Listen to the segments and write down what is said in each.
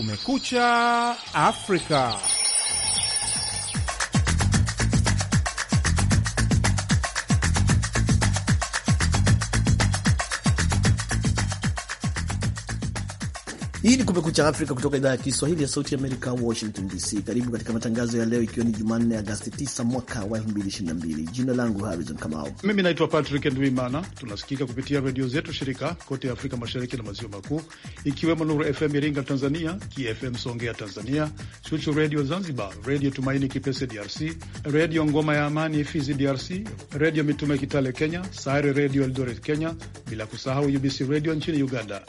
Kumekucha Afrika. Hii ni Kumekucha Afrika kutoka idhaa ya Kiswahili ya Sauti Amerika, Washington DC. Karibu katika matangazo ya leo, ikiwa ni Jumanne Agasti 9 mwaka wa 2022. Jina langu Harrison Kamau. Mimi naitwa Patrick Ndwimana. Tunasikika kupitia redio zetu shirika kote Afrika Mashariki na Maziwa Makuu, ikiwemo Nuru FM Iringa Tanzania, KFM Songea Tanzania, Chuchu Redio Zanzibar, Redio Tumaini Kipese DRC, Redio Ngoma ya Amani Fizi DRC, Redio Mitume Kitale Kenya, Sayare Redio Eldoret Kenya, bila kusahau UBC Redio nchini Uganda.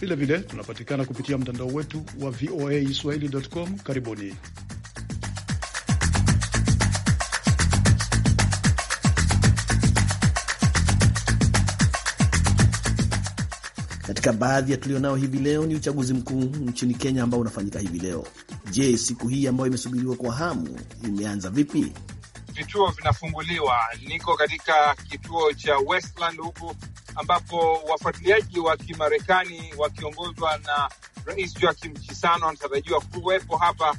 Vilevile tunapatikana kupitia mtandao wetu wa VOA Swahili.com. Karibuni. Katika baadhi ya tulionao hivi leo ni uchaguzi mkuu nchini Kenya ambao unafanyika hivi leo. Je, siku hii ambayo imesubiriwa kwa hamu imeanza vipi? Vituo vinafunguliwa. Niko katika kituo cha Westland huku ambapo wafuatiliaji wa Kimarekani wakiongozwa na Rais Joakim Chisano anatarajiwa kuwepo hapa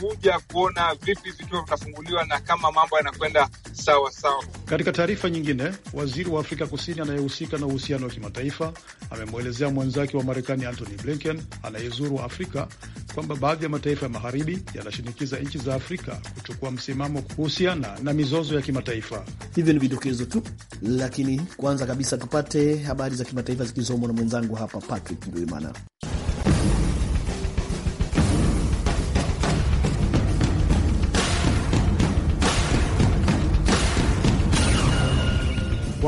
kuja kuona vipi vituo vinafunguliwa na kama mambo yanakwenda sawa sawa. Katika taarifa nyingine, waziri wa Afrika Kusini anayehusika na uhusiano wa kimataifa amemwelezea mwenzake wa Marekani Antony Blinken anayezuru Afrika kwamba baadhi ya mataifa ya magharibi yanashinikiza nchi za Afrika kuchukua msimamo kuhusiana na mizozo ya kimataifa. Hivyo ni vidokezo tu, lakini kwanza kabisa tupate habari za kimataifa zikisomwa na mwenzangu hapa Patrick Ndwimana.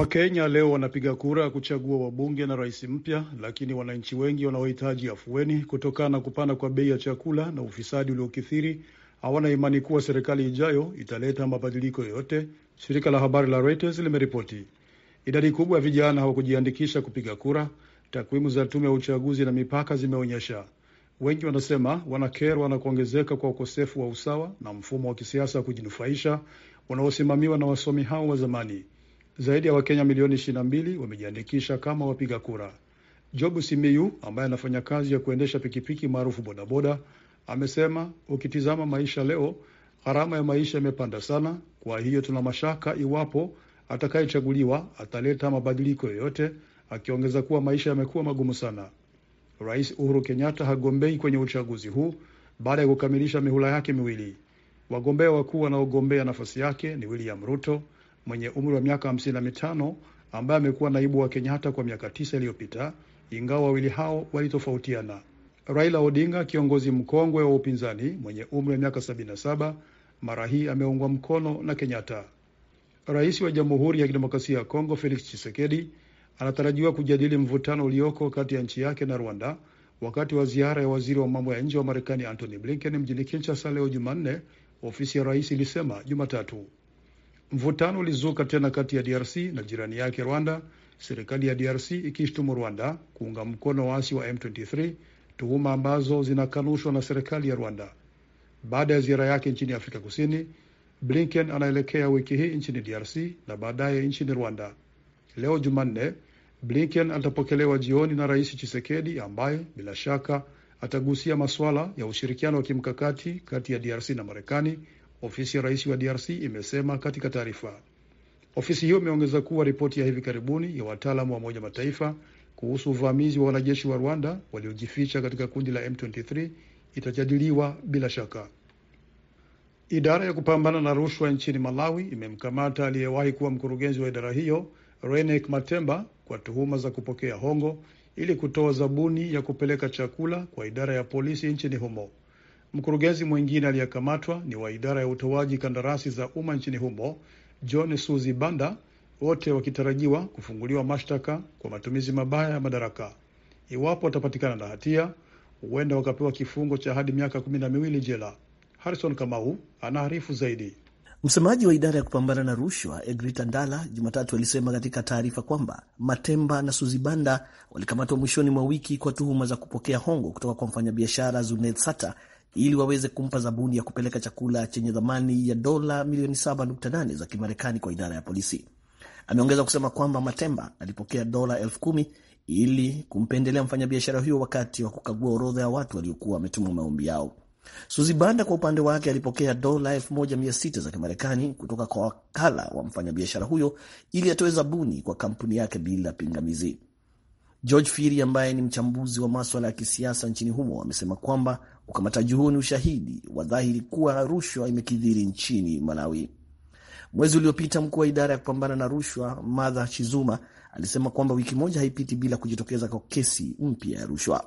Wakenya leo wanapiga kura ya kuchagua wabunge na rais mpya, lakini wananchi wengi wanaohitaji afueni kutokana na kupanda kwa bei ya chakula na ufisadi uliokithiri hawana imani kuwa serikali ijayo italeta mabadiliko yoyote, shirika la habari la Reuters limeripoti. Idadi kubwa ya vijana hawakujiandikisha kupiga kura, takwimu za tume ya uchaguzi na mipaka zimeonyesha. Wengi wanasema wanakerwa na kuongezeka kwa ukosefu wa usawa na mfumo wa kisiasa wa kujinufaisha unaosimamiwa na wasomi hao wa zamani. Zaidi ya Wakenya milioni 22 wamejiandikisha kama wapiga kura. Jobu Simiyu ambaye anafanya kazi ya kuendesha pikipiki maarufu bodaboda, amesema ukitizama maisha leo, gharama ya maisha imepanda sana, kwa hiyo tuna mashaka iwapo atakayechaguliwa ataleta mabadiliko yoyote, akiongeza kuwa maisha yamekuwa magumu sana. Rais Uhuru Kenyatta hagombei kwenye uchaguzi huu baada ya kukamilisha mihula yake miwili. Wagombea wakuu wanaogombea nafasi yake ni William Ruto mwenye umri wa miaka hamsini na mitano ambaye amekuwa naibu wa Kenyatta kwa miaka tisa iliyopita, ingawa wawili hao walitofautiana. Raila Odinga, kiongozi mkongwe wa upinzani mwenye umri wa miaka 77, mara hii ameungwa mkono na Kenyatta. Rais wa Jamhuri ya Kidemokrasia ya Kongo Felix Tshisekedi anatarajiwa kujadili mvutano ulioko kati ya nchi yake na Rwanda wakati wa ziara ya waziri wa mambo ya nje wa Marekani Antony Blinken mjini Kinshasa leo Jumanne, ofisi ya rais ilisema Jumatatu. Mvutano ulizuka tena kati ya DRC na jirani yake Rwanda, serikali ya DRC ikishtumu Rwanda kuunga mkono waasi wa M23, tuhuma ambazo zinakanushwa na serikali ya Rwanda. Baada ya ziara yake nchini Afrika Kusini, Blinken anaelekea wiki hii nchini DRC na baadaye nchini Rwanda. Leo Jumanne, Blinken atapokelewa jioni na Rais Chisekedi ambaye bila shaka atagusia masuala ya ushirikiano wa kimkakati kati ya DRC na Marekani ofisi ya rais wa DRC imesema katika taarifa. Ofisi hiyo imeongeza kuwa ripoti ya hivi karibuni ya wataalamu wa Umoja Mataifa kuhusu uvamizi wa wanajeshi wa Rwanda waliojificha katika kundi la M23 itajadiliwa bila shaka. Idara ya kupambana na rushwa nchini Malawi imemkamata aliyewahi kuwa mkurugenzi wa idara hiyo Renek Matemba kwa tuhuma za kupokea hongo ili kutoa zabuni ya kupeleka chakula kwa idara ya polisi nchini humo. Mkurugenzi mwingine aliyekamatwa ni wa idara ya utoaji kandarasi za umma nchini humo John Suzi Banda, wote wakitarajiwa kufunguliwa mashtaka kwa matumizi mabaya ya madaraka. Iwapo watapatikana na hatia, huenda wakapewa kifungo cha hadi miaka kumi na miwili jela. Harison Kamau anaarifu zaidi. Msemaji wa idara ya kupambana na rushwa Egrita Ndala Jumatatu alisema katika taarifa kwamba Matemba na Suzibanda walikamatwa mwishoni mwa wiki kwa tuhuma za kupokea hongo kutoka kwa mfanyabiashara Zunet Sata ili waweze kumpa zabuni ya kupeleka chakula chenye thamani ya dola milioni 7.8 za Kimarekani kwa idara ya polisi. Ameongeza kusema kwamba Matemba alipokea dola elfu kumi ili kumpendelea mfanyabiashara huyo wakati wa kukagua orodha ya watu waliokuwa wametuma maombi yao. Suzi Banda kwa upande wake alipokea dola 1600 za Kimarekani kutoka kwa wakala wa mfanyabiashara huyo ili atoe zabuni kwa kampuni yake bila pingamizi. George Firi ambaye ni mchambuzi wa maswala ya kisiasa nchini humo amesema kwamba Ukamataji huo ni ushahidi wa dhahiri kuwa rushwa imekithiri nchini Malawi. Mwezi uliopita mkuu wa idara ya kupambana na rushwa Martha Chizuma alisema kwamba wiki moja haipiti bila kujitokeza kwa kesi mpya ya rushwa.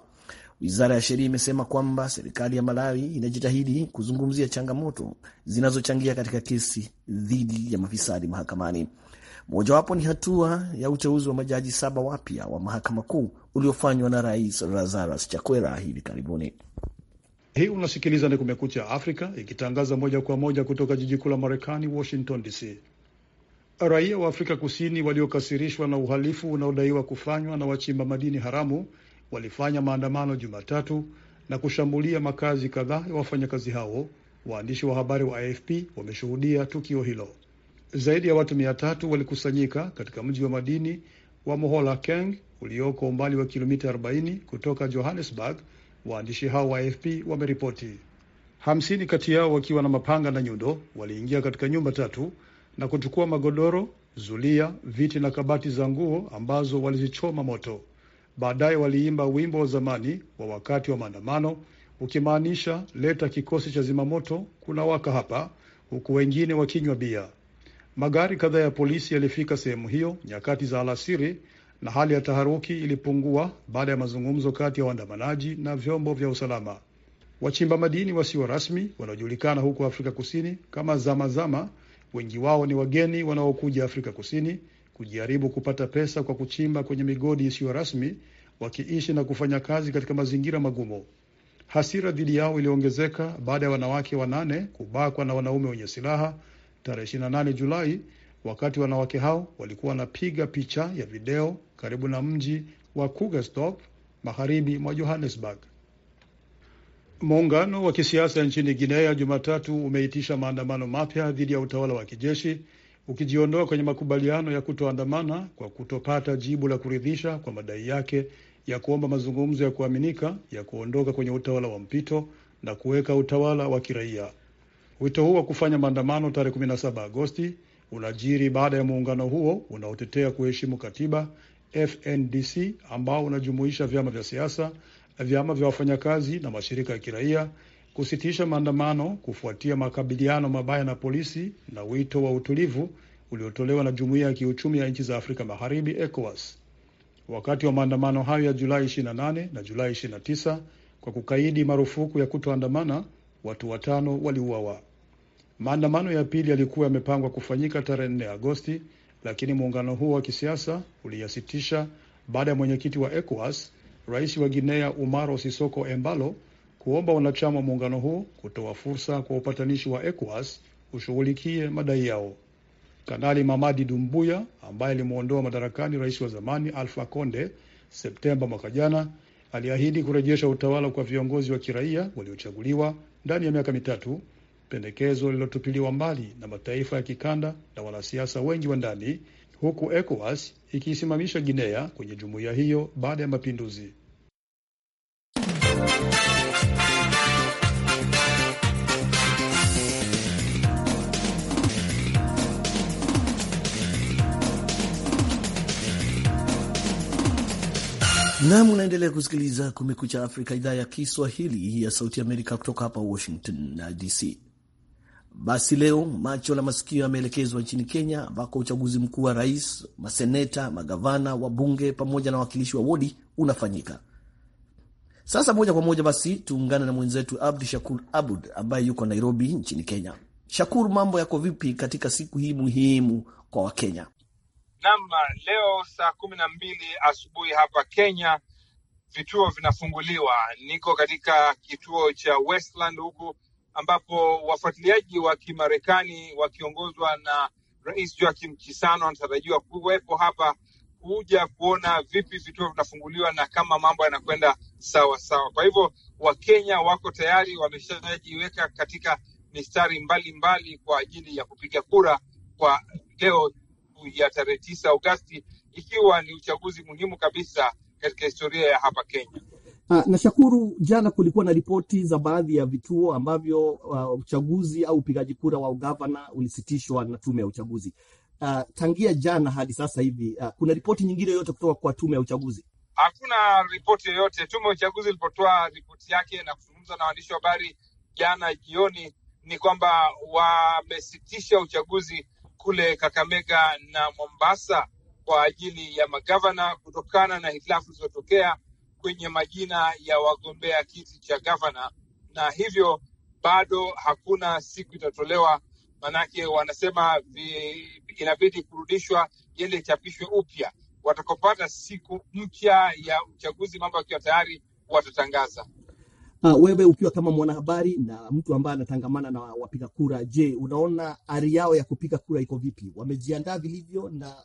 Wizara ya sheria imesema kwamba serikali ya Malawi inajitahidi kuzungumzia changamoto zinazochangia katika kesi dhidi ya mafisadi mahakamani. Mojawapo ni hatua ya uteuzi wa majaji saba wapya wa mahakama kuu uliofanywa na Rais Lazarus Chakwera hivi karibuni. Hii unasikiliza ni Kumekucha Afrika ikitangaza moja kwa moja kutoka jiji kuu la Marekani, Washington DC. Raia wa Afrika Kusini waliokasirishwa na uhalifu unaodaiwa kufanywa na wachimba madini haramu walifanya maandamano Jumatatu na kushambulia makazi kadhaa ya wafanyakazi hao. Waandishi wa habari wa AFP wameshuhudia tukio hilo. Zaidi ya watu mia tatu walikusanyika katika mji wa madini wa Moholakeng ulioko umbali wa kilomita 40 kutoka Johannesburg waandishi hao wa AFP wameripoti. Hamsini kati yao wakiwa na mapanga na nyundo waliingia katika nyumba tatu na kuchukua magodoro, zulia, viti na kabati za nguo ambazo walizichoma moto. Baadaye waliimba wimbo wa zamani wa wakati wa maandamano ukimaanisha leta kikosi cha zimamoto, kuna waka hapa, huku wengine wakinywa bia. Magari kadhaa ya polisi yalifika sehemu hiyo nyakati za alasiri na hali ya taharuki ilipungua baada ya mazungumzo kati ya waandamanaji na vyombo vya usalama. Wachimba madini wasio rasmi wanaojulikana huko Afrika Kusini kama zamazama, wengi wao ni wageni wanaokuja Afrika Kusini kujaribu kupata pesa kwa kuchimba kwenye migodi isiyo rasmi, wakiishi na kufanya kazi katika mazingira magumu. Hasira dhidi yao iliongezeka baada ya wanawake wanane kubakwa na wanaume wenye silaha tarehe 28 Julai wakati wanawake hao walikuwa wanapiga picha ya video karibu na mji wa Krugersdorp magharibi mwa Johannesburg. Muungano wa kisiasa nchini Guinea Jumatatu umeitisha maandamano mapya dhidi ya utawala wa kijeshi ukijiondoa kwenye makubaliano ya kutoandamana kwa kutopata jibu la kuridhisha kwa madai yake ya kuomba mazungumzo ya kuaminika ya kuondoka kwenye utawala wa mpito na kuweka utawala wa kiraia. Wito huu wa kufanya maandamano tarehe 17 Agosti unajiri baada ya muungano huo unaotetea kuheshimu katiba FNDC ambao unajumuisha vyama vya siasa, vyama vya wafanyakazi na mashirika ya kiraia kusitisha maandamano kufuatia makabiliano mabaya na polisi na wito wa utulivu uliotolewa na jumuiya ya kiuchumi ya nchi za Afrika Magharibi ECOWAS. Wakati wa maandamano hayo ya Julai 28 na Julai 29, kwa kukaidi marufuku ya kutoandamana, watu watano waliuawa. Maandamano ya pili yalikuwa yamepangwa kufanyika tarehe 4 Agosti, lakini muungano huo wa kisiasa uliyasitisha baada ya mwenyekiti wa ECOWAS rais wa Guinea Umaro Sisoko Embalo kuomba wanachama wa muungano huo kutoa fursa kwa upatanishi wa ECOWAS ushughulikie madai yao. Kanali Mamadi Dumbuya ambaye alimwondoa madarakani rais wa zamani Alpha Conde Septemba mwaka jana aliahidi kurejesha utawala kwa viongozi wa kiraia waliochaguliwa ndani ya miaka mitatu pendekezo lililotupiliwa mbali na mataifa ya kikanda na wanasiasa wengi wa ndani, huku ECOWAS ikiisimamisha Guinea kwenye jumuiya hiyo baada ya mapinduzi. Nam, unaendelea kusikiliza Kumekucha Afrika, idhaa ya Kiswahili ya Sauti Amerika kutoka hapa Washington DC. Basi leo macho na masikio yameelekezwa nchini Kenya, ambako uchaguzi mkuu wa rais, maseneta, magavana, wabunge pamoja na wawakilishi wa wodi unafanyika sasa. Moja kwa moja basi tuungane na mwenzetu Abdu Shakur Abud ambaye yuko Nairobi nchini Kenya. Shakur, mambo yako vipi katika siku hii muhimu kwa Wakenya? Naam, leo saa kumi na mbili asubuhi hapa Kenya vituo vinafunguliwa. Niko katika kituo cha Westland huku ambapo wafuatiliaji wa Kimarekani wakiongozwa na Rais Joakim Chisano anatarajiwa kuwepo hapa kuja kuona vipi vituo vinafunguliwa na kama mambo yanakwenda sawa sawa. Kwa hivyo Wakenya wako tayari, wameshajiweka katika mistari mbalimbali mbali kwa ajili ya kupiga kura kwa leo ya tarehe tisa Agosti, ikiwa ni uchaguzi muhimu kabisa katika historia ya hapa Kenya. Uh, ah, na shakuru, jana kulikuwa na ripoti za baadhi ya vituo ambavyo uh, uchaguzi au upigaji kura wa ugavana ulisitishwa na tume ya uchaguzi. Uh, tangia jana hadi sasa hivi uh, kuna ripoti nyingine yoyote kutoka kwa tume ya uchaguzi? Hakuna ripoti yoyote. Tume ya uchaguzi ilipotoa ripoti yake na kuzungumza na waandishi wa habari jana jioni, ni kwamba wamesitisha uchaguzi kule Kakamega na Mombasa kwa ajili ya magavana kutokana na hitilafu zilizotokea kwenye majina ya wagombea kiti cha gavana, na hivyo bado hakuna siku itatolewa. Maanake wanasema inabidi kurudishwa yale ichapishwe upya. Watakopata siku mpya ya uchaguzi, mambo yakiwa tayari watatangaza. Uh, wewe ukiwa kama mwanahabari na mtu ambaye anatangamana na wapiga kura, je, unaona ari yao ya kupiga kura iko vipi? Wamejiandaa vilivyo na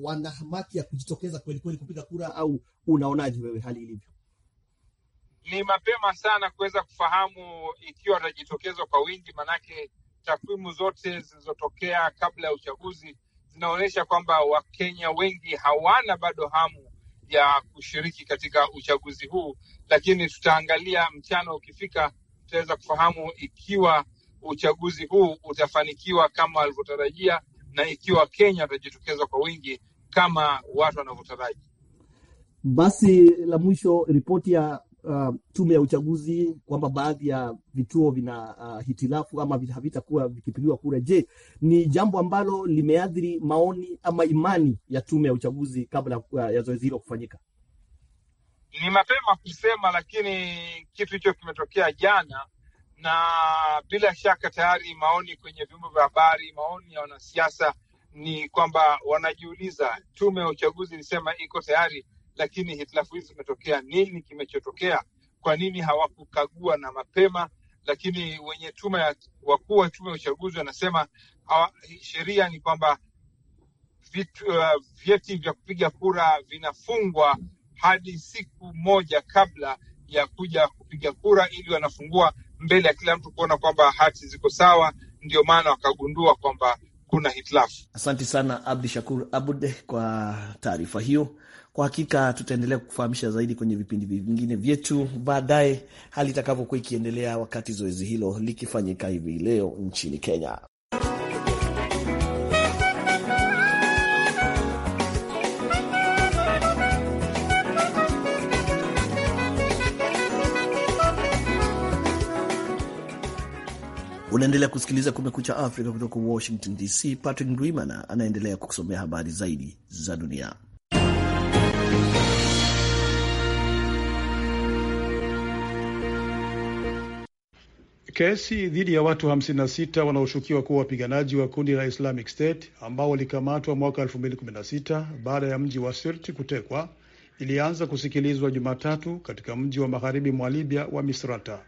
wana hamaki ya kujitokeza kweli kweli kupiga kura, au unaonaje wewe hali ilivyo? Ni mapema sana kuweza kufahamu ikiwa atajitokezwa kwa wingi, manake takwimu zote zilizotokea kabla ya uchaguzi zinaonyesha kwamba Wakenya wengi hawana bado hamu ya kushiriki katika uchaguzi huu, lakini tutaangalia mchana ukifika, tutaweza kufahamu ikiwa uchaguzi huu utafanikiwa kama walivyotarajia na ikiwa Kenya watajitokeza kwa wingi kama watu wanavyotaraji. Basi la mwisho, ripoti ya uh, tume ya uchaguzi kwamba baadhi ya vituo vina uh, hitilafu ama havitakuwa vikipigiwa kura. Je, ni jambo ambalo limeathiri maoni ama imani ya tume ya uchaguzi kabla uh, ya zoezi hilo kufanyika? Ni mapema kusema, lakini kitu hicho kimetokea jana na bila shaka tayari maoni kwenye vyombo vya habari, maoni ya wanasiasa ni kwamba wanajiuliza, tume ya uchaguzi ilisema iko tayari, lakini hitilafu hizi zimetokea. Nini kimechotokea? Kwa nini hawakukagua na mapema? Lakini wenye tume wakuu wa tume ya uchaguzi wanasema sheria ni kwamba vitu, uh, vyeti vya kupiga kura vinafungwa hadi siku moja kabla ya kuja kupiga kura, ili wanafungua mbele ya kila mtu kuona kwamba hati ziko sawa, ndio maana wakagundua kwamba kuna hitilafu. Asante sana Abdi Shakur Abude kwa taarifa hiyo. Kwa hakika tutaendelea kukufahamisha zaidi kwenye vipindi vingine vyetu baadaye, hali itakavyokuwa ikiendelea wakati zoezi hilo likifanyika hivi leo nchini Kenya. Unaendelea kusikiliza Kumekucha Afrika kutoka Washington DC. Patrick Ndwimana anaendelea kukusomea habari zaidi za dunia. Kesi dhidi ya watu 56 wanaoshukiwa kuwa wapiganaji wa kundi la Islamic State ambao walikamatwa mwaka 2016 baada ya mji wa Sirti kutekwa ilianza kusikilizwa Jumatatu katika mji wa magharibi mwa Libya wa Misrata.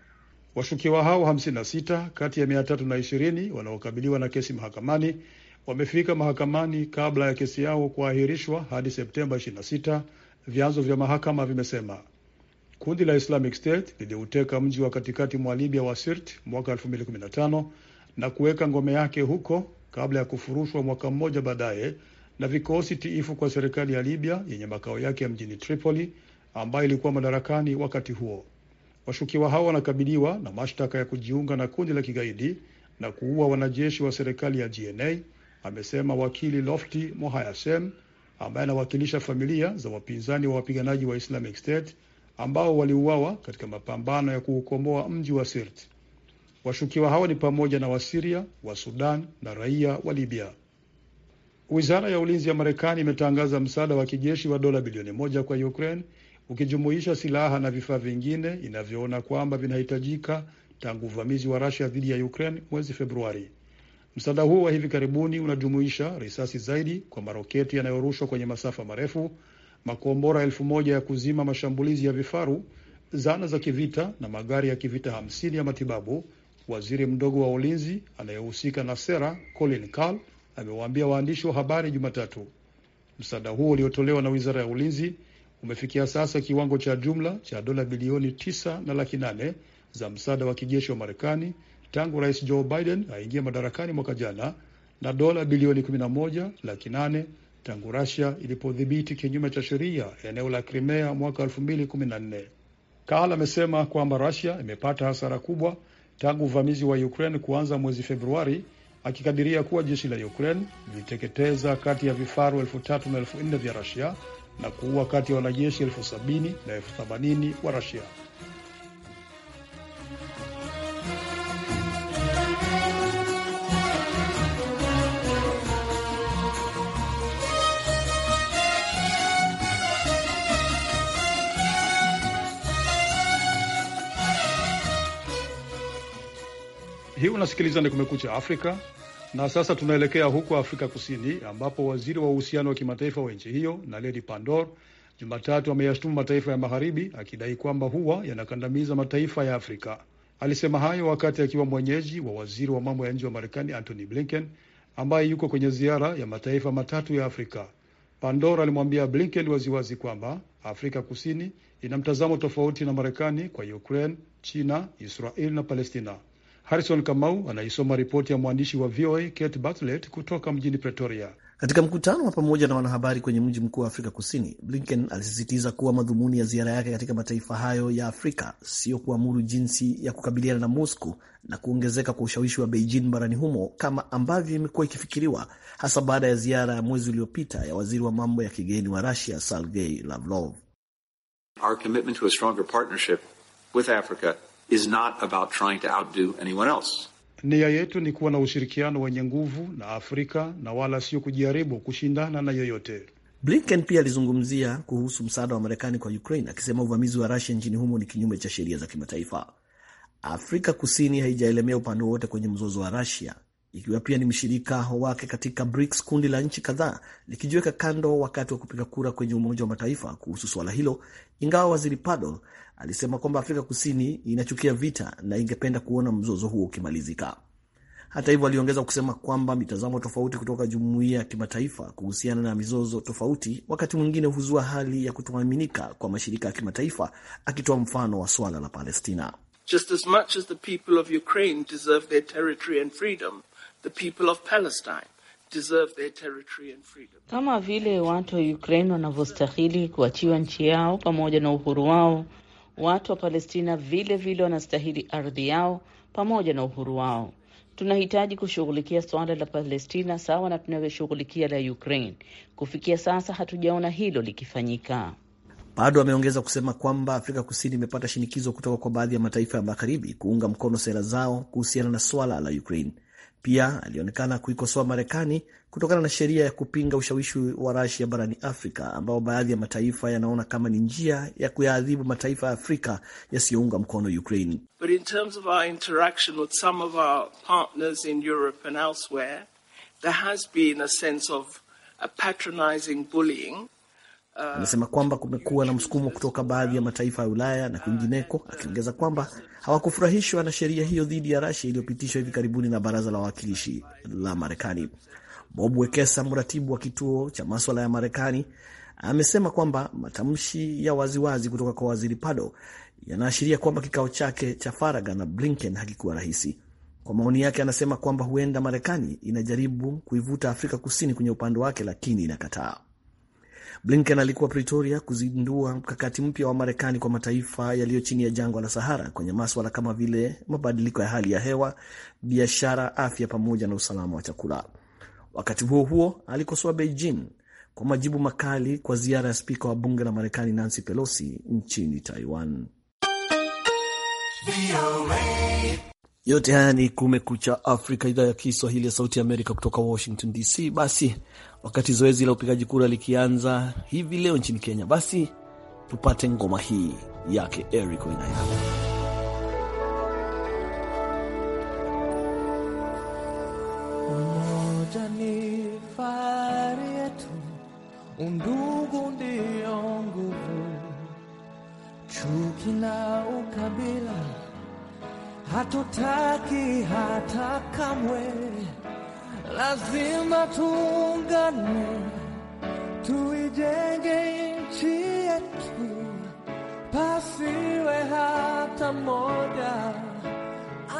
Washukiwa hao 56 kati ya 320 wanaokabiliwa na kesi mahakamani wamefika mahakamani kabla ya kesi yao kuahirishwa hadi Septemba 26, vyanzo vya mahakama vimesema. Kundi la Islamic State liliuteka mji wa katikati mwa Libya wa Sirte mwaka 2015 na kuweka ngome yake huko kabla ya kufurushwa mwaka mmoja baadaye na vikosi tiifu kwa serikali ya Libya yenye makao yake mjini Tripoli ambayo ilikuwa madarakani wakati huo. Washukiwa hao wanakabiliwa na mashtaka ya kujiunga na kundi la kigaidi na kuua wanajeshi wa serikali ya GNA, amesema wakili Lofti Mohayasem ambaye anawakilisha familia za wapinzani wa wapiganaji wa Islamic State ambao waliuawa katika mapambano ya kuukomboa mji wa sirt Washukiwa hao ni pamoja na Wasiria wa Sudan na raia wa Libya. Wizara ya ulinzi ya Marekani imetangaza msaada wa kijeshi wa dola bilioni moja kwa Ukraine ukijumuisha silaha na vifaa vingine inavyoona kwamba vinahitajika tangu uvamizi wa rasia dhidi ya Ukraine mwezi Februari. Msaada huo wa hivi karibuni unajumuisha risasi zaidi kwa maroketi yanayorushwa kwenye masafa marefu, makombora elfu moja ya kuzima mashambulizi ya vifaru, zana za kivita na magari ya kivita hamsini ya matibabu. Waziri mdogo wa ulinzi anayehusika na sera Colin Carl amewaambia waandishi wa habari Jumatatu. Msaada huo uliotolewa na wizara ya ulinzi umefikia sasa kiwango cha jumla cha dola bilioni tisa na laki nane za msaada wa kijeshi wa Marekani tangu Rais Joe Biden aingia madarakani mwaka jana na dola bilioni 11 laki nane tangu rasia ilipodhibiti kinyume cha sheria eneo la krimea mwaka 2014. Kaal amesema kwamba rasia imepata hasara kubwa tangu uvamizi wa Ukraine kuanza mwezi Februari, akikadiria kuwa jeshi la Ukraine liliteketeza kati ya vifaru elfu tatu na elfu nne vya Russia na kuua kati ya wanajeshi elfu sabini na elfu themanini wa Rasia. Hii unasikiliza ni Kumekucha Afrika. Na sasa tunaelekea huko Afrika Kusini ambapo waziri wa uhusiano wa kimataifa wa nchi hiyo Naledi Pandor Jumatatu ameyashtumu mataifa ya magharibi akidai kwamba huwa yanakandamiza mataifa ya Afrika. Alisema hayo wakati akiwa mwenyeji wa waziri wa mambo ya nje wa Marekani Antony Blinken ambaye yuko kwenye ziara ya mataifa matatu ya Afrika. Pandor alimwambia Blinken waziwazi kwamba Afrika Kusini ina mtazamo tofauti na Marekani kwa Ukraine, China, Israel na Palestina. Harrison Kamau anaisoma ripoti ya mwandishi wa VOA Kate Bartlett kutoka mjini Pretoria. Katika mkutano wa pamoja na wanahabari kwenye mji mkuu wa Afrika Kusini, Blinken alisisitiza kuwa madhumuni ya ziara yake katika mataifa hayo ya Afrika siyo kuamuru jinsi ya kukabiliana na mosco na kuongezeka kwa ushawishi wa Beijing barani humo kama ambavyo imekuwa ikifikiriwa, hasa baada ya ziara ya mwezi uliopita ya waziri wa mambo ya kigeni wa rasia Sergei Lavrov. Our commitment to a stronger partnership with Africa is not about trying to outdo anyone else. Nia yetu ni kuwa na ushirikiano wenye nguvu na Afrika na wala sio kujaribu kushindana na yoyote. Blinken pia alizungumzia kuhusu msaada wa Marekani kwa Ukraine akisema uvamizi wa rasia nchini humo ni kinyume cha sheria za kimataifa. Afrika Kusini haijaelemea upande wowote kwenye mzozo wa rasia ikiwa pia ni mshirika wake katika BRICS, kundi la nchi kadhaa likijiweka kando wakati wa kupiga kura kwenye Umoja wa Mataifa kuhusu suala hilo, ingawa waziri Paddle alisema kwamba Afrika Kusini inachukia vita na ingependa kuona mzozo huo ukimalizika. Hata hivyo, aliongeza kusema kwamba mitazamo tofauti kutoka jumuiya ya kimataifa kuhusiana na mizozo tofauti wakati mwingine huzua hali ya kutoaminika kwa mashirika ya kimataifa, akitoa mfano wa swala la Palestina. Just as much as the people of Ukraine deserve their territory and freedom The people of Palestine deserve their territory and freedom. Kama vile watu wa Ukraine wanavyostahili kuachiwa nchi yao pamoja na uhuru wao, watu wa Palestina vile vile wanastahili ardhi yao pamoja na uhuru wao. Tunahitaji kushughulikia suala la Palestina sawa na tunavyoshughulikia la Ukraine. Kufikia sasa hatujaona hilo likifanyika. Bado ameongeza kusema kwamba Afrika Kusini imepata shinikizo kutoka kwa baadhi ya mataifa ya magharibi kuunga mkono sera zao kuhusiana na swala la Ukraine. Pia alionekana kuikosoa Marekani kutokana na sheria ya kupinga ushawishi wa Rasia barani Afrika, ambao baadhi ya mataifa yanaona kama ni njia ya kuyaadhibu mataifa ya Afrika yasiyounga mkono Ukraine. There has been a sense of a patronizing bullying. Amesema kwamba kumekuwa na msukumo kutoka baadhi ya mataifa ya Ulaya na kwingineko, akiongeza kwamba hawakufurahishwa na sheria hiyo dhidi ya Rasia iliyopitishwa hivi karibuni na baraza la wawakilishi la Marekani. Bob Wekesa, mratibu wa kituo cha maswala ya Marekani, amesema kwamba matamshi ya waziwazi wazi kutoka kwa waziri Pado yanaashiria kwamba kikao chake cha faraga na Blinken hakikuwa rahisi. Kwa maoni yake, anasema kwamba huenda Marekani inajaribu kuivuta Afrika Kusini kwenye upande wake, lakini inakataa. Blinken alikuwa Pretoria kuzindua mkakati mpya wa Marekani kwa mataifa yaliyo chini ya jangwa la Sahara kwenye maswala kama vile mabadiliko ya hali ya hewa, biashara, afya pamoja na usalama wa chakula. Wakati huo huo, alikosoa Beijing kwa majibu makali kwa ziara ya spika wa bunge la Marekani Nancy Pelosi nchini Taiwan. Yote haya ni Kumekucha Afrika, idhaa ya Kiswahili ya Sauti ya Amerika kutoka Washington DC. Basi wakati zoezi la upigaji kura likianza hivi leo nchini Kenya. Basi tupate ngoma hii yake Eric Wainaina. Undugu ndiyo nguvu, chuki na ukabila hatutaki hata kamwe lazima tuungane, tuijenge nchi yetu, pasiwe hata mmoja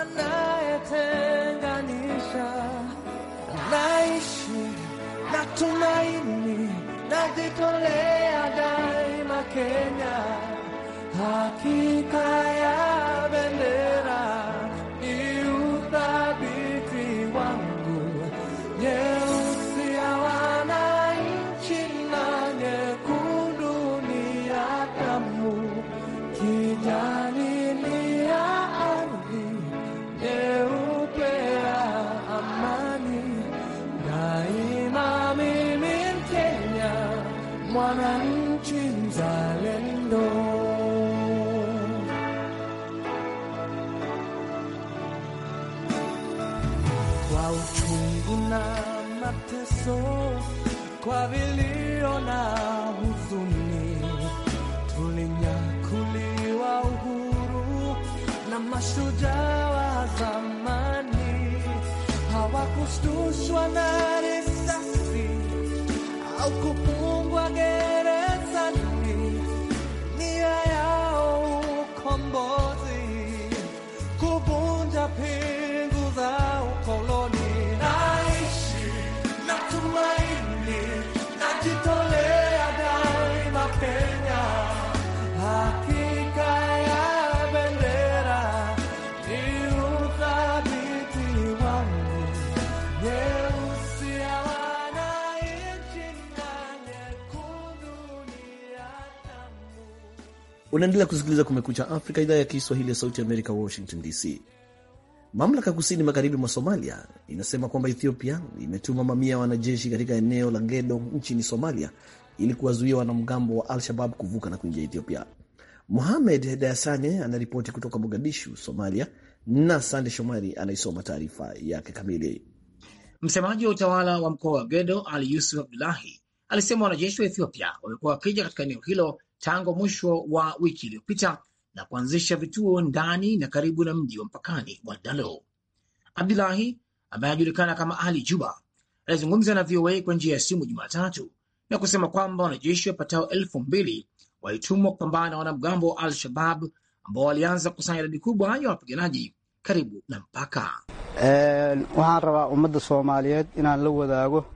anayetenganisha. Naishi na tumaini, najitolea daima, Kenya, hakika ya bendera kwa uchungu na mateso, kwa vilio na huzuni, tulinyakuliwa uhuru na mashujaa wa zamani. Hawakushtushwa na risasi au kupungwa gera Unaendelea kusikiliza Kumekucha Afrika, idhaa ya Kiswahili ya Sauti ya Amerika, Washington DC. Mamlaka kusini magharibi mwa Somalia inasema kwamba Ethiopia imetuma mamia ya wanajeshi katika eneo la Gedo nchini Somalia ili kuwazuia wanamgambo wa Al-Shabab kuvuka na kuingia Ethiopia. Mohamed Dayasane anaripoti kutoka Mogadishu, Somalia, na Sande Shomari anaisoma taarifa yake kamili. Msemaji wa utawala wa mkoa wa Gedo Ali Yusuf Abdulahi alisema wanajeshi wa Ethiopia wamekuwa wakija katika eneo hilo tangu mwisho wa wiki iliyopita na kuanzisha vituo ndani na karibu na mji wa mpakani wa Dalo. Abdulahi ambaye anajulikana kama Ali Juba alizungumza na VOA kwa njia ya simu Jumatatu na kusema kwamba wanajeshi wapatao elfu mbili walitumwa kupambana na wanamgambo wa Al-Shabab ambao walianza kusanya idadi kubwa ya wapiganaji karibu na mpaka. Eh, waxaan rabaa ummadda Soomaaliyeed inaan la wadaago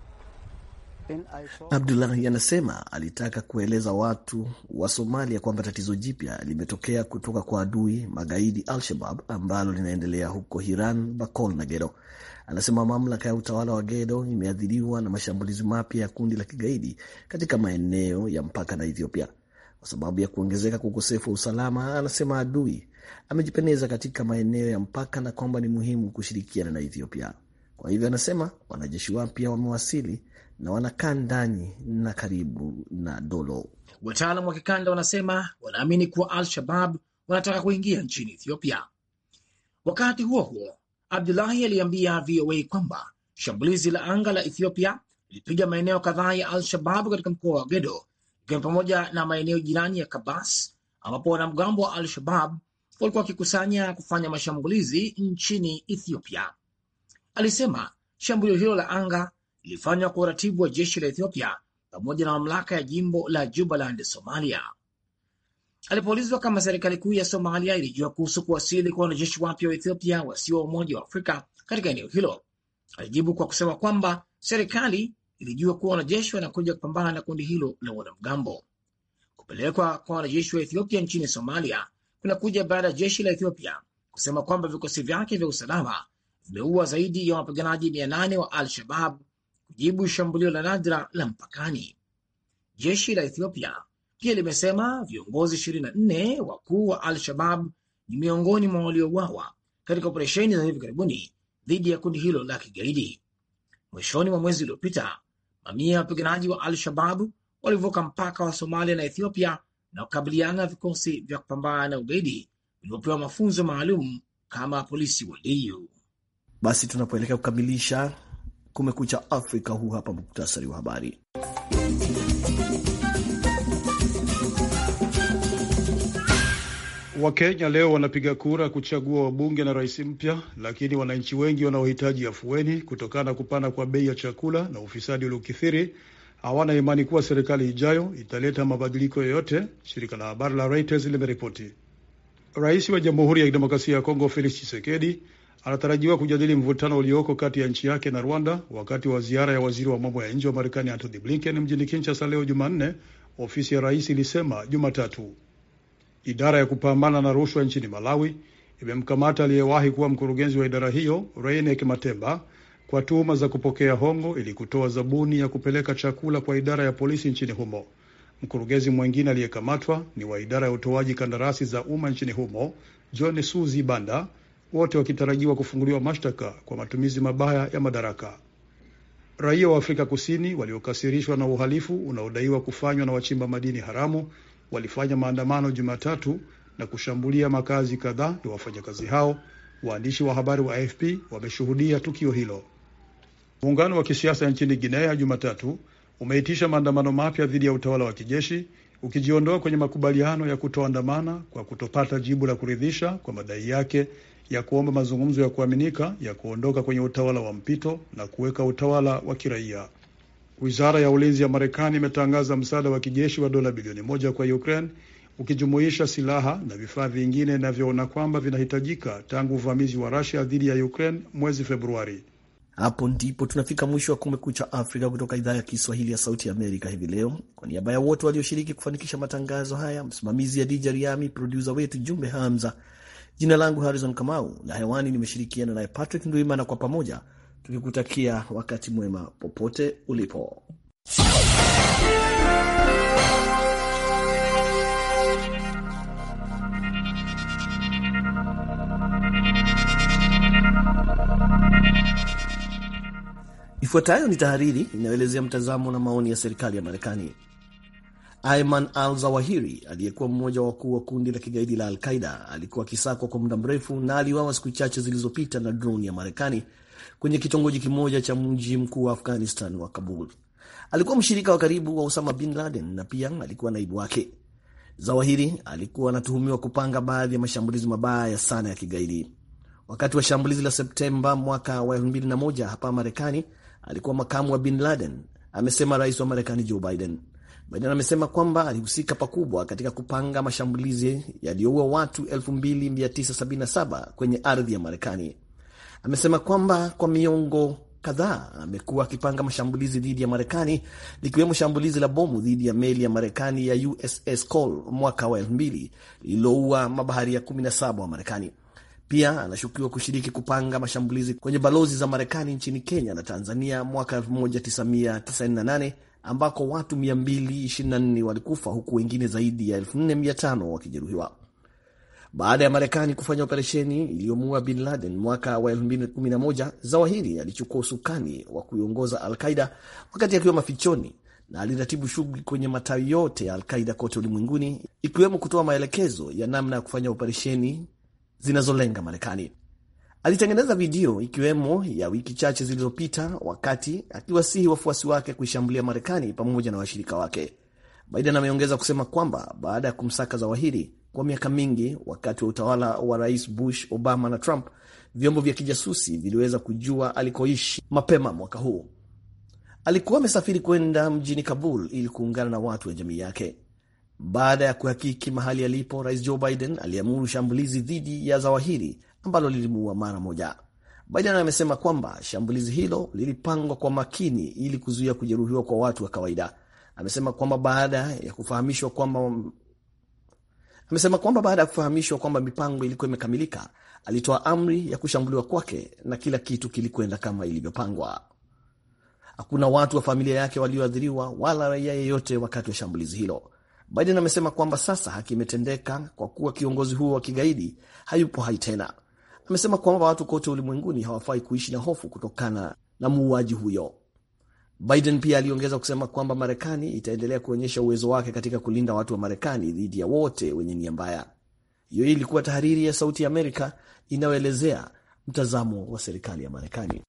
Abdullahi anasema alitaka kueleza watu wa Somalia kwamba tatizo jipya limetokea kutoka kwa adui magaidi Al-Shabab ambalo linaendelea huko Hiran, Bakol na Gedo. Anasema mamlaka ya utawala wa Gedo imeathiriwa na mashambulizi mapya ya kundi la kigaidi katika maeneo ya mpaka na Ethiopia. Kwa sababu ya kuongezeka kwa ukosefu wa usalama, anasema adui amejipendeza katika maeneo ya mpaka na kwamba ni muhimu kushirikiana na Ethiopia. Kwa hivyo, anasema wanajeshi wapya wamewasili na wanakaa ndani na karibu na Dolo. Wataalam wa kikanda wanasema wanaamini kuwa Al-Shabab wanataka kuingia nchini Ethiopia. Wakati huo huo, Abdulahi aliambia VOA kwamba shambulizi la anga la Ethiopia lilipiga maeneo kadhaa ya Al-Shababu katika mkoa wa Gedo, ikiwa pamoja na maeneo jirani ya Kabas ambapo wanamgambo wa Al-Shabab walikuwa wakikusanya kufanya mashambulizi nchini Ethiopia. Alisema shambulio hilo la anga ilifanywa kwa uratibu wa jeshi la Ethiopia pamoja na mamlaka ya jimbo la Jubaland, Somalia. Alipoulizwa kama serikali kuu ya Somalia ilijua kuhusu kuwasili kwa wanajeshi wapya wa Ethiopia wasio wa Umoja wa Afrika katika eneo hilo, alijibu kwa kusema kwamba serikali ilijua kuwa wanajeshi wanakuja kupambana na kundi hilo la wanamgambo. Kupelekwa kwa wanajeshi wa Ethiopia nchini Somalia kunakuja baada ya jeshi la Ethiopia kusema kwamba vikosi vyake vya usalama vimeua zaidi ya wapiganaji mia nane wa Al-Shabab kujibu shambulio la nadra la mpakani. Jeshi la Ethiopia pia limesema viongozi 24 wakuu wa Al-Shabab ni miongoni mwa waliouawa katika operesheni za hivi karibuni dhidi ya kundi hilo la kigaidi. Mwishoni mwa mwezi uliopita, mamia ya wapiganaji wa Al-Shabab walivuka mpaka wa Somalia na Ethiopia na kukabiliana na vikosi vya kupambana na ugaidi vilivyopewa mafunzo maalum kama polisi waliyo. Basi tunapoelekea kukamilisha Kumekucha Afrika, huu hapa muktasari wa habari. Wakenya leo wanapiga kura kuchagua wabunge na rais mpya, lakini wananchi wengi wanaohitaji afueni kutokana na kupanda kwa bei ya chakula na ufisadi uliokithiri hawana imani kuwa serikali ijayo italeta mabadiliko yoyote, shirika la habari la Reuters limeripoti. Rais wa Jamhuri ya Kidemokrasia ya Kongo Felix Tshisekedi anatarajiwa kujadili mvutano ulioko kati ya nchi yake na Rwanda wakati wa ziara ya waziri wa mambo ya nje wa Marekani Antony Blinken mjini Kinshasa leo Jumanne, ofisi ya rais ilisema Jumatatu. Idara ya kupambana na rushwa nchini Malawi imemkamata aliyewahi kuwa mkurugenzi wa idara hiyo Reinek Matemba kwa tuhuma za kupokea hongo ili kutoa zabuni ya kupeleka chakula kwa idara ya polisi nchini humo. Mkurugenzi mwengine aliyekamatwa ni wa idara ya utoaji kandarasi za umma nchini humo John Suzi Banda wote wakitarajiwa kufunguliwa mashtaka kwa matumizi mabaya ya madaraka. Raia wa Afrika Kusini waliokasirishwa na uhalifu unaodaiwa kufanywa na wachimba madini haramu walifanya maandamano Jumatatu na kushambulia makazi kadhaa ya wafanyakazi hao. Waandishi wa habari wa AFP wameshuhudia tukio hilo. Muungano wa kisiasa nchini Guinea Jumatatu umeitisha maandamano mapya dhidi ya utawala wa kijeshi ukijiondoa kwenye makubaliano ya kutoandamana kwa kutopata jibu la kuridhisha kwa madai yake ya kuomba mazungumzo ya kuaminika ya kuondoka kwenye utawala wa mpito na kuweka utawala wa kiraia. Wizara ya ulinzi ya Marekani imetangaza msaada wa kijeshi wa dola bilioni moja kwa Ukraine ukijumuisha silaha na vifaa vingine inavyoona kwamba vinahitajika tangu uvamizi wa Rusia dhidi ya Ukraine mwezi Februari. Hapo ndipo tunafika mwisho wa Kumekucha Afrika kutoka idhaa ya Kiswahili ya Sauti Amerika hivi leo. Kwa niaba ya wote walioshiriki kufanikisha matangazo haya, msimamizi ya Dija Riami, produsa wetu Jumbe Hamza, Jina langu Harrison Kamau na hewani nimeshirikiana naye Patrick Ndwimana, kwa pamoja tukikutakia wakati mwema popote ulipo. Ifuatayo ni tahariri inayoelezea mtazamo na maoni ya serikali ya Marekani. Ayman al-Zawahiri aliyekuwa mmoja wa wakuu wa kundi la kigaidi la alqaida alikuwa akisakwa kwa muda mrefu na aliwawa siku chache zilizopita na drone ya Marekani kwenye kitongoji kimoja cha mji mkuu wa Afghanistan wa Kabul. Alikuwa mshirika wa karibu wa usama bin Laden na pia alikuwa naibu wake. Zawahiri alikuwa anatuhumiwa kupanga baadhi ya mashambulizi mabaya sana ya kigaidi. Wakati wa shambulizi la Septemba mwaka wa 2001 hapa Marekani, alikuwa makamu wa bin Laden, amesema rais wa Marekani Joe Biden. Biden amesema kwamba alihusika pakubwa katika kupanga mashambulizi yaliyoua watu 2977 kwenye ardhi ya Marekani. Amesema kwamba kwa miongo kadhaa amekuwa akipanga mashambulizi dhidi ya Marekani, likiwemo shambulizi la bomu dhidi ya meli ya Marekani ya USS Cole mwaka wa 2000 lililoua mabaharia 17 wa Marekani. Pia anashukiwa kushiriki kupanga mashambulizi kwenye balozi za Marekani nchini Kenya na Tanzania mwaka 1998 ambako watu 224 walikufa huku wengine zaidi ya 4500 wakijeruhiwa baada ya Marekani kufanya operesheni iliyomuua Bin Laden mwaka wa 2011. Zawahiri alichukua usukani wa kuiongoza Alqaida wakati akiwa mafichoni na aliratibu shughuli kwenye matawi yote ya Alqaida kote ulimwenguni, ikiwemo kutoa maelekezo ya namna ya kufanya operesheni zinazolenga Marekani. Alitengeneza video ikiwemo ya wiki chache zilizopita wakati akiwasihi wafuasi wake kuishambulia Marekani pamoja na washirika wake. Biden ameongeza kusema kwamba baada ya kumsaka Zawahiri kwa miaka mingi wakati wa utawala wa rais Bush, Obama na Trump, vyombo vya kijasusi viliweza kujua alikoishi. Mapema mwaka huu alikuwa amesafiri kwenda mjini Kabul ili kuungana na watu wa jamii yake. Baada ya kuhakiki mahali alipo, rais Joe Biden aliamuru shambulizi dhidi ya Zawahiri ambalo lilimuua mara moja. Biden amesema kwamba shambulizi hilo lilipangwa kwa makini ili kuzuia kujeruhiwa kwa watu wa kawaida. Amesema kwamba baada ya kufahamishwa kwamba amesema kwamba baada ya kufahamishwa kwamba mipango ilikuwa imekamilika, alitoa amri ya kushambuliwa kwake na kila kitu kilikwenda kama ilivyopangwa. Hakuna watu wa familia yake walioathiriwa wala raia yeyote wakati wa shambulizi hilo. Biden amesema kwamba sasa haki imetendeka kwa kuwa kiongozi huo wa kigaidi hayupo hai tena amesema kwamba watu kote ulimwenguni hawafai kuishi na hofu kutokana na muuaji huyo. Biden pia aliongeza kusema kwamba Marekani itaendelea kuonyesha uwezo wake katika kulinda watu wa Marekani dhidi ya wote wenye nia mbaya. Hiyo ilikuwa tahariri ya Sauti ya Amerika inayoelezea mtazamo wa serikali ya Marekani.